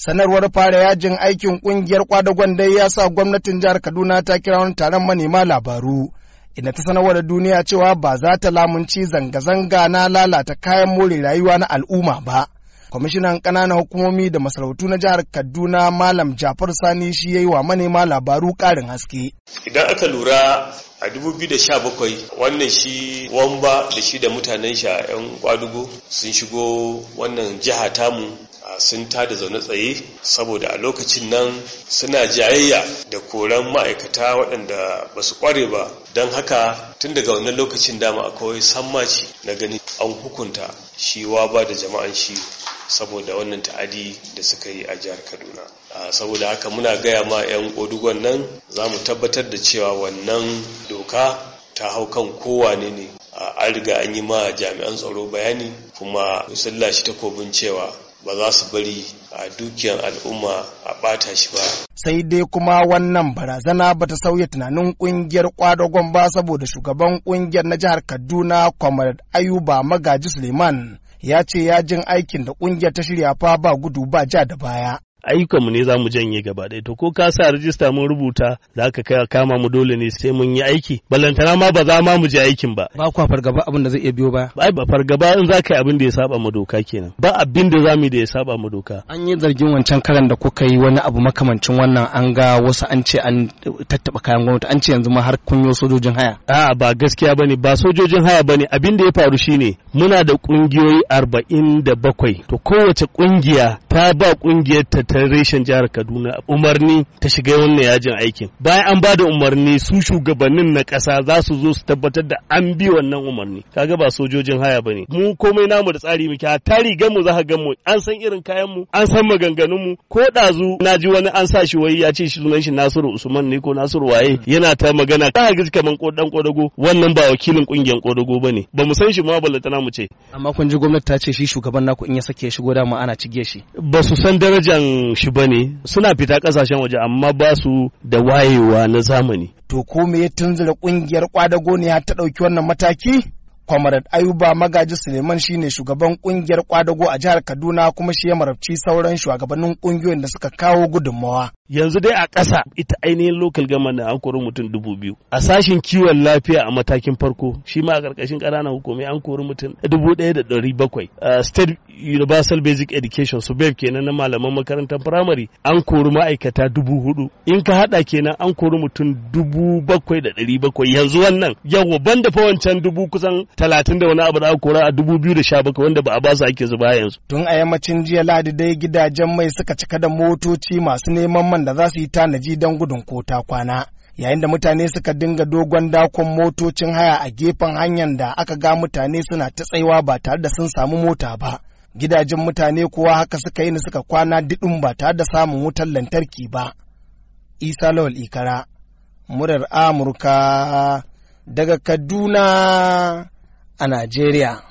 sanarwar fara yajin aikin kungiyar kwadagon dai ya sa gwamnatin jihar kaduna ta kira wani taron manema labaru ina ta sanarwar da duniya cewa ba za ta lamunci zanga-zanga na lalata kayan more rayuwa na al'umma ba kwamishinan ƙananan hukumomi da masarautu na jihar kaduna malam jafar sani shi ya yi wa manema labaru ƙarin haske idan aka lura a 2017 wannan shi wamba da shi da mutanen sha 'yan kwadugo sun shigo wannan jiha tamu sun tada zaune tsaye saboda a lokacin nan suna jayayya da koran ma'aikata waɗanda ba su ƙware ba don haka tun daga wannan lokacin dama akwai sammaci na gani an hukunta shi ba da jama'an shi saboda wannan ta'adi da suka yi a jihar kaduna saboda haka muna gaya ma 'yan ƙodugon nan za mu tabbatar da cewa wannan doka ta hau kan kowane ne an riga an yi ma jami'an tsaro bayani kuma sun lashe takobin cewa ba za su bari a dukiyar al'umma a bata shi ba. Sai dai kuma wannan barazana ba ta sauya tunanin kungiyar kwadagon ba saboda shugaban kungiyar na jihar Kaduna Comrade Ayuba Magaji Suleiman ya ce ya jin aikin da kungiyar ta shirya fa ba gudu ba ja da baya. ayyukanmu ne za mu janye gaba ɗaya to ko ka sa rijista mun rubuta za ka kama mu dole ne sai mun yi aiki balantana ma ba za ma mu je aikin ba ba kwa fargaba abin da zai iya biyo ba ai ba fargaba in za ka yi abin da ya saba mu doka kenan ba abin da za mu da ya saba mu doka an yi zargin wancan karan da kuka yi wani abu makamancin wannan an ga wasu an ce an tattaba kayan gwamnati an ce yanzu ma har kunyo sojojin haya a'a ba gaskiya bane ba sojojin haya bane abin da ya faru shine muna da kungiyoyi arba'in da bakwai to kowace kungiya ta ba kungiyar ta federation jihar Kaduna umarni ta shiga wannan yajin aikin bayan an bada umarni su shugabannin na ƙasa za su zo su tabbatar da an bi wannan umarni kaga ba sojojin haya bane mu komai namu da tsari muke ta rigar mu za ka gan mu an san irin kayan mu an san maganganun mu ko ɗazu na ji wani an sa shi wai ya ce shi sunan shi Nasiru Usman ne ko Nasiru waye yana ta magana ta ga kaman kodan kodago wannan ba wakilin kungiyar kodago bane ba mu san shi ma ballatana mu ce amma kun ji gwamnati ta ce shi shugaban naku in ya sake shigo da mu ana cige shi ba su san darajan shi shi ne suna fita kasashen waje amma ba su da wayewa na zamani to ko me ya tunzura kungiyar kwadago ne ta ɗauki wannan mataki Comrade Ayuba Magaji Suleiman shine shugaban kungiyar kwadago a jihar Kaduna kuma shi ya marabci sauran shugabannin kungiyoyin da suka kawo gudunmawa. Yanzu dai a ƙasa ita ainihin local government an kori mutum dubu biyu. A sashen kiwon lafiya a matakin farko shi ma a ƙarƙashin ƙananan hukumai an kori mutum dubu ɗaya da ɗari bakwai. State Universal Basic Education su BEB kenan na malaman makarantar firamare an kori ma'aikata dubu hudu. In ka haɗa kenan an kori mutum dubu bakwai da ɗari bakwai yanzu wannan yawa banda fa wancan dubu kusan talatin da wani abu da aka kora a dubu biyu da sha bakwai wanda ba a basu ake zuba yanzu. Tun a yammacin jiya ladi dai gidajen mai suka cika da motoci masu neman man da za su yi tanaji don gudun ko ta kwana. Yayin da mutane suka dinga dogon dakon motocin haya a gefen hanyar da aka ga mutane suna ta tsayawa ba tare da sun samu mota ba. Gidajen mutane kuwa haka suka yi ni suka kwana diɗin ba tare da samun wutar lantarki ba. Isa Lawal Ikara, murar Amurka daga Kaduna. a Najeriya.